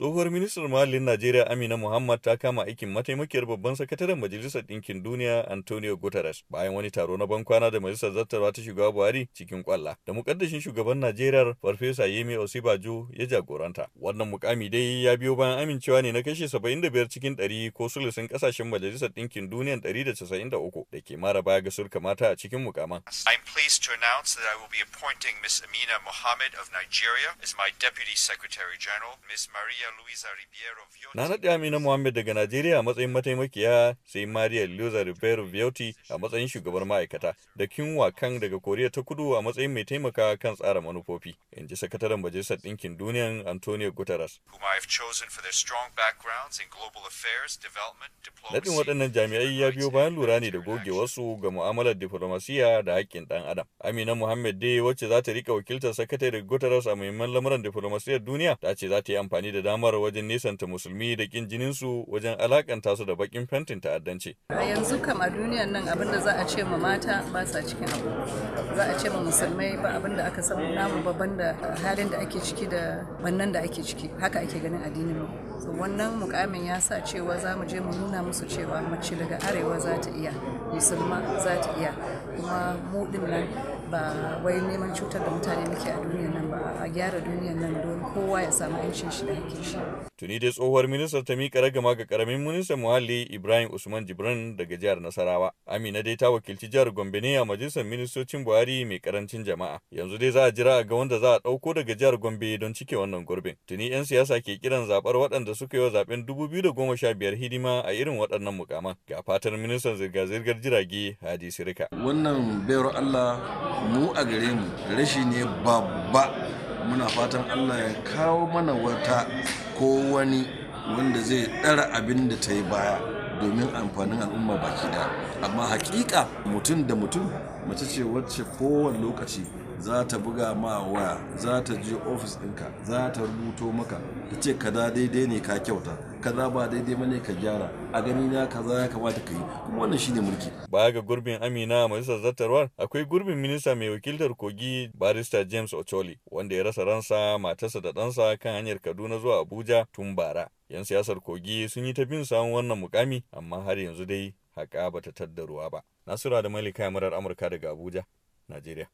Tsohuwar ministar muhallin Najeriya Amina Muhammad ta kama aikin mataimakiyar babban sakataren Majalisar Ɗinkin Duniya Antonio Guterres bayan wani taro na bankwana da Majalisar Zattarwa ta shugaba Buhari cikin kwalla. Da mukaddashin shugaban Najeriya Farfesa Yemi Osibajo ya jagoranta. Wannan mukami dai ya biyo bayan amincewa ne na kashe 75 cikin 100 ko sulusun kasashen Majalisar Ɗinkin Duniya 193 da casa'in da da uku ke mara baya ga sulka mata a cikin mukaman. I'm pleased to announce that I will be appointing Ms Amina Mohammed of Nigeria as my Deputy Secretary General. Ms Maria Na nadi Amina muhammed daga Najeriya a matsayin mataimakiya sai Maria Luisa Ribeiro Beauty a matsayin shugabar ma'aikata da Kinwa Kang daga Koriya ta Kudu a matsayin mai taimaka kan tsara manufofi, in ji sakataren Majalisar Ɗinkin Duniya Antonio Guterres. Naɗin waɗannan jami'ai ya biyo bayan lura ne da gogewarsu ga mu'amalar diflomasiya da haƙƙin ɗan Adam. Amina muhammed dai wacce za ta riƙa wakiltar sakatare Guterres a muhimman lamuran diflomasiyar duniya ta ce za ta yi amfani da dama gudunmawar wajen nisanta musulmi da kin jininsu wajen alakanta su da bakin fentin ta'addanci. A yanzu kam a duniyan nan abinda za a ce ma mata ba sa cikin abu. Za a ce ma musulmai ba abin aka samu namu ban da halin da ake ciki da bannan da ake ciki. Haka ake ganin addinin mu. wannan mukamin ya sa cewa za mu je mu nuna musu cewa mace daga arewa za ta iya musulma za ta iya kuma mu din nan ba wai neman cutar da mutane muke a duniyar nan ba a gyara duniyar nan don kowa ya samu yancin shi da hakkin shi tuni dai tsohuwar ministar ta mika ragama ga karamin ministan muhalli ibrahim usman jibran daga jihar nasarawa amina dai ta wakilci jihar gombe ne a majalisar ministocin buhari mai karancin jama'a yanzu dai za a jira a ga wanda za a ɗauko daga jihar gombe don cike wannan gurbin tuni 'yan siyasa ke kiran zaɓar waɗanda suka yi wa zaɓen biyar hidima a irin waɗannan mukaman ga fatan ministan zirga-zirgar jirage hadi sirika wannan bayar allah mu a gare mu rashi ne babba muna fatan allah ya kawo mana wata ko wani wanda zai ɗara abin da ta yi baya domin amfanin al'umma baki da amma hakika mutum da mutum mace ce wacce kowane lokaci za ta buga ma waya za ta je ofis ɗinka za ta rubuto maka ta ce ka daidai ne ka kyauta kaza ba daidai bane ka gyara a gani na kaza ya kamata ka yi kuma wannan shine mulki baya ga gurbin Amina a majalisar zattarwar akwai gurbin minista mai wakiltar Kogi barista James Ocholi wanda ya rasa ransa matarsa da ɗansa kan hanyar Kaduna zuwa Abuja tun bara 'yan siyasar kogi sun yi ta bin samun wannan mukami amma har yanzu dai haƙa bata tadda ba nasura da malika murar amurka daga abuja najeriya